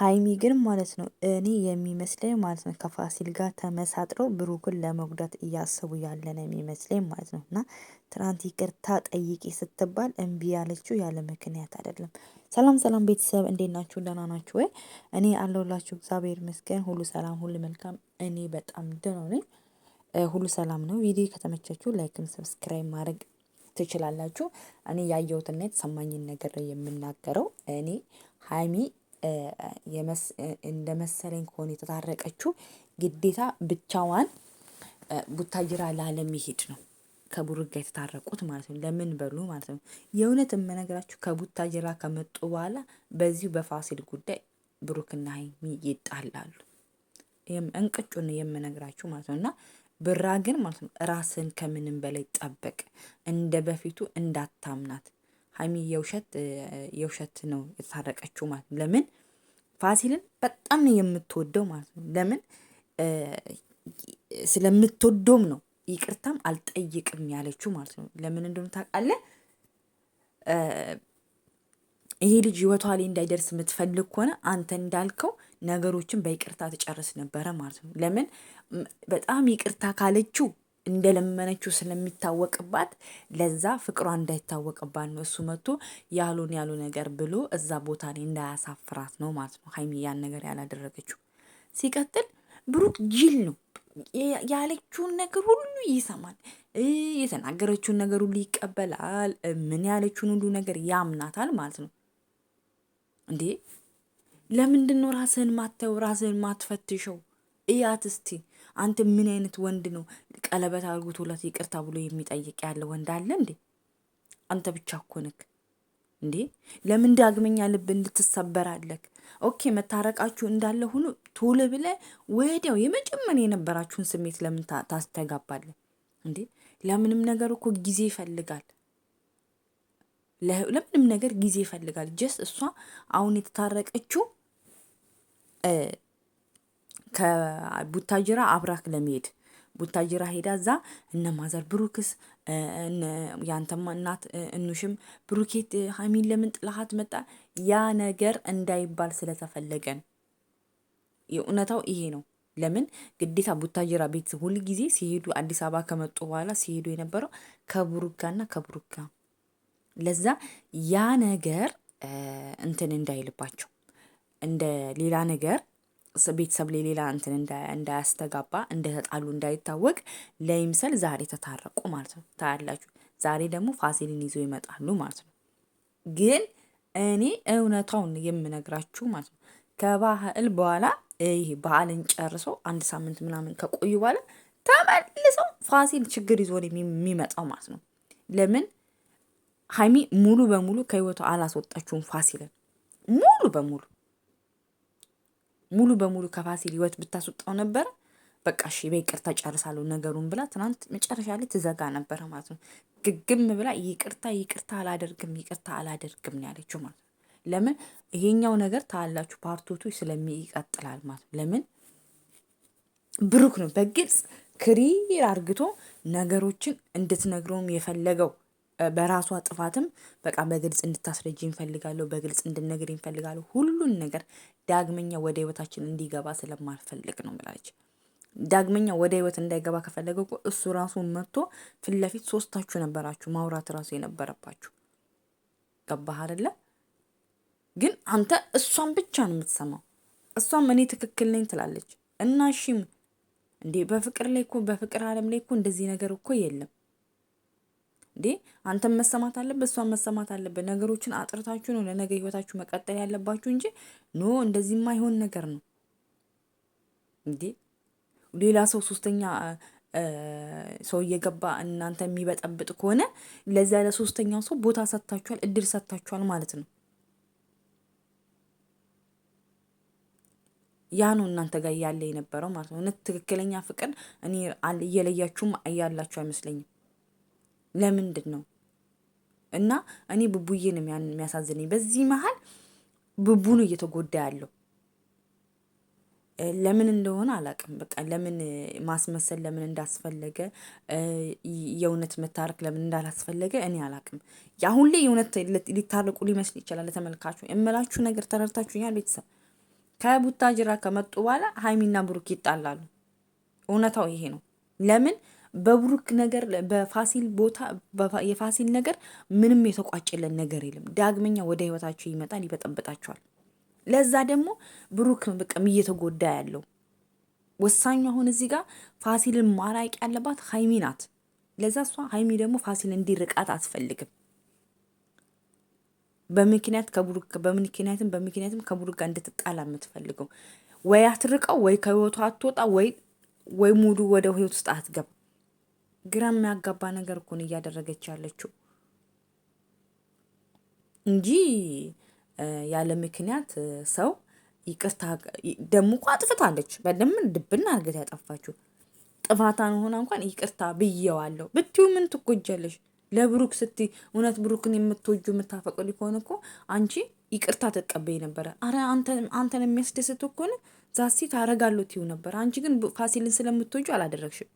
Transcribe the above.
ሀይሚ ግን ማለት ነው እኔ የሚመስለኝ ማለት ነው ከፋሲል ጋር ተመሳጥረው ብሩክን ለመጉዳት እያሰቡ ያለ የሚመስለኝ ማለት ነው። እና ትናንት ይቅርታ ጠይቂ ስትባል እምቢ ያለችው ያለ ምክንያት አይደለም። ሰላም ሰላም ቤተሰብ እንዴት ናችሁ? ደህና ናችሁ ወይ? እኔ አለሁላችሁ እግዚአብሔር ይመስገን፣ ሁሉ ሰላም፣ ሁሉ መልካም። እኔ በጣም ደህና ነኝ፣ ሁሉ ሰላም ነው። ቪዲዮ ከተመቻችሁ ላይክም ሰብስክራይብ ማድረግ ትችላላችሁ። እኔ ያየሁትና የተሰማኝን ነገር የምናገረው እኔ ሀይሚ እንደ መሰለኝ ከሆነ የተታረቀችው ግዴታ ብቻዋን ቡታጅራ ላለመሄድ ነው። ከብሩክ ጋር የተታረቁት ማለት ነው። ለምን በሉ ማለት ነው። የእውነት የምነግራችሁ ከቡታጅራ ከመጡ በኋላ በዚሁ በፋሲል ጉዳይ ብሩክና ሀይሚ ይጣላሉ። እንቅጩን የምነግራችሁ ማለት ነው። እና ብራ ግን ማለት ነው ራስን ከምንም በላይ ጠበቅ። እንደ በፊቱ እንዳታምናት ሀይሚ የውሸት የውሸት ነው የተታረቀችው ማለት ነው። ለምን ፋሲልን በጣም ነው የምትወደው ማለት ነው። ለምን ስለምትወደውም ነው ይቅርታም አልጠይቅም ያለችው ማለት ነው። ለምን እንደሆነ ታውቃለህ? ይሄ ልጅ ህይወቷ ላይ እንዳይደርስ የምትፈልግ ከሆነ አንተ እንዳልከው ነገሮችን በይቅርታ ትጨርስ ነበረ ማለት ነው። ለምን በጣም ይቅርታ ካለችው እንደለመነችው ስለሚታወቅባት ለዛ ፍቅሯ እንዳይታወቅባት ነው እሱ መጥቶ ያሉን ያሉ ነገር ብሎ እዛ ቦታ ላይ እንዳያሳፍራት ነው ማለት ነው ሀይሚ ያን ነገር ያላደረገችው። ሲቀጥል ብሩክ ጅል ነው። ያለችውን ነገር ሁሉ ይሰማል። የተናገረችውን ነገር ሁሉ ይቀበላል። ምን ያለችውን ሁሉ ነገር ያምናታል ማለት ነው። እንዴ ለምንድን ነው ራስህን ማተው ራስህን ማትፈትሸው? እያት እስቲ አንተ ምን አይነት ወንድ ነው ቀለበት አድርጎላት ይቅርታ ብሎ የሚጠይቅ ያለ ወንድ አለ እንዴ? አንተ ብቻ እኮ ነክ እንዴ? ለምን ዳግመኛ ልብ እንድትሰበራለክ? ኦኬ መታረቃችሁ እንዳለ ሆኖ ቶሎ ብለ ወዲያው የመጀመሪያ የነበራችሁን ስሜት ለምን ታስተጋባለ እንዴ? ለምንም ነገር እኮ ጊዜ ይፈልጋል። ለምንም ነገር ጊዜ ይፈልጋል። ጀስ እሷ አሁን የተታረቀችው ከቡታጅራ አብራክ ለመሄድ ቡታጅራ ሄዳ እዛ እነ ማዘር ብሩክስ ያንተማ እናት እኑሽም ብሩኬት ሀሚን ለምን ጥላሃት መጣ? ያ ነገር እንዳይባል ስለተፈለገን የእውነታው ይሄ ነው። ለምን ግዴታ ቡታጅራ ቤት ሁል ጊዜ ሲሄዱ አዲስ አበባ ከመጡ በኋላ ሲሄዱ የነበረው ከብሩካና ከብሩካ ለዛ ያ ነገር እንትን እንዳይልባቸው እንደ ሌላ ነገር ቤተሰብ ለሌላ እንትን እንዳያስተጋባ እንደተጣሉ እንዳይታወቅ ለይምሰል ዛሬ ተታረቁ ማለት ነው። ታያላችሁ። ዛሬ ደግሞ ፋሲልን ይዘው ይመጣሉ ማለት ነው። ግን እኔ እውነታውን የምነግራችሁ ማለት ነው ከባህል በኋላ ይህ በዓልን ጨርሶ አንድ ሳምንት ምናምን ከቆዩ በኋላ ተመልሰው ፋሲል ችግር ይዞ የሚመጣው ማለት ነው። ለምን ሀይሚ ሙሉ በሙሉ ከህይወቱ አላስወጣችሁም ፋሲልን ሙሉ በሙሉ ሙሉ በሙሉ ከፋሲል ህይወት ብታስወጣው ነበረ። በቃ እሺ በይቅርታ ጨርሳለሁ ነገሩን ብላ ትናንት መጨረሻ ላይ ትዘጋ ነበረ ማለት ነው። ግግም ብላ ይቅርታ ይቅርታ አላደርግም ይቅርታ አላደርግም ያለችው ማለት ነው። ለምን ይሄኛው ነገር ታላችሁ ፓርቶቱ ስለሚቀጥላል ማለት ነው። ለምን ብሩክ ነው በግልጽ ክሪር አርግቶ ነገሮችን እንድትነግረውም የፈለገው በራሷ ጥፋትም በቃ በግልጽ እንድታስረጅ ይንፈልጋለሁ፣ በግልጽ እንድነግር ይንፈልጋለሁ። ሁሉን ነገር ዳግመኛ ወደ ህይወታችን እንዲገባ ስለማልፈልግ ነው ብላለች። ዳግመኛ ወደ ህይወት እንዳይገባ ከፈለገ እኮ እሱ ራሱ መጥቶ ፊት ለፊት ሶስታችሁ ነበራችሁ ማውራት ራሱ የነበረባችሁ። ገባህ አይደለ? ግን አንተ እሷን ብቻ ነው የምትሰማው። እሷም እኔ ትክክል ነኝ ትላለች እና እሺም እንዴ በፍቅር ላይ እኮ በፍቅር አለም ላይ እኮ እንደዚህ ነገር እኮ የለም። እንዴ አንተም መሰማት አለበት፣ እሷን መሰማት አለበት። ነገሮችን አጥርታችሁ ነው ለነገ ህይወታችሁ መቀጠል ያለባችሁ እንጂ ኖ እንደዚህ ማይሆን ነገር ነው እንዴ ሌላ ሰው ሶስተኛ ሰው እየገባ እናንተ የሚበጠብጥ ከሆነ ለዚያ ለሶስተኛው ሰው ቦታ ሰጥታችኋል፣ እድል ሰጥታችኋል ማለት ነው። ያ ነው እናንተ ጋር ያለ የነበረው ማለት ነው። እውነት ትክክለኛ ፍቅር እኔ እየለያችሁም እያላችሁ አይመስለኝም። ለምንድን ነው? እና እኔ ብቡዬ ነው የሚያሳዝነኝ። በዚህ መሀል ቡቡ ነው እየተጎዳ ያለው። ለምን እንደሆነ አላውቅም። በቃ ለምን ማስመሰል ለምን እንዳስፈለገ የእውነት መታረቅ ለምን እንዳላስፈለገ እኔ አላውቅም። አሁን ላይ የእውነት ሊታረቁ ሊመስል ይችላል። ለተመልካቹ የምላችሁ ነገር ተረድታችሁኛል? ቤተሰብ ከቡታጅራ ከመጡ በኋላ ሀይሚና ብሩክ ይጣላሉ። እውነታው ይሄ ነው። ለምን በብሩክ ነገር በፋሲል ቦታ የፋሲል ነገር ምንም የተቋጨለን ነገር የለም። ዳግመኛ ወደ ህይወታቸው ይመጣል፣ ይበጠብጣቸዋል ለዛ ደግሞ ብሩክ ነው በቃ እየተጎዳ ያለው። ወሳኙ አሁን እዚህ ጋር ፋሲልን ማራቅ ያለባት ሀይሚ ናት። ለዛ እሷ ሀይሚ ደግሞ ፋሲል እንዲርቃት አትፈልግም። በምክንያት ከብሩክ በምክንያትም በምክንያትም ከብሩክ ጋር እንድትጣላ የምትፈልገው ወይ አትርቀው ወይ ከህይወቱ አትወጣ ወይ ወይ ሙሉ ወደ ህይወት ውስጥ አትገባ ግራ የሚያጋባ ነገር እኮን እያደረገች ያለችው እንጂ ያለ ምክንያት ሰው ይቅርታ ደግሞ እኮ አጥፍታለች። በደምን ድብና አርገት ያጠፋችው ጥፋታን ሆና እንኳን ይቅርታ ብየዋለሁ ብትዩ ምን ትጎጃለሽ? ለብሩክ ስቲ እውነት ብሩክን የምትወጁ የምታፈቅዱ ከሆነ እኮ አንቺ ይቅርታ ትቀበይ ነበረ። አረ አንተን የሚያስደስት ከሆነ ዛሴት ታረጋለሁ ትዩ ነበር። አንቺ ግን ፋሲልን ስለምትወጁ አላደረግሽም።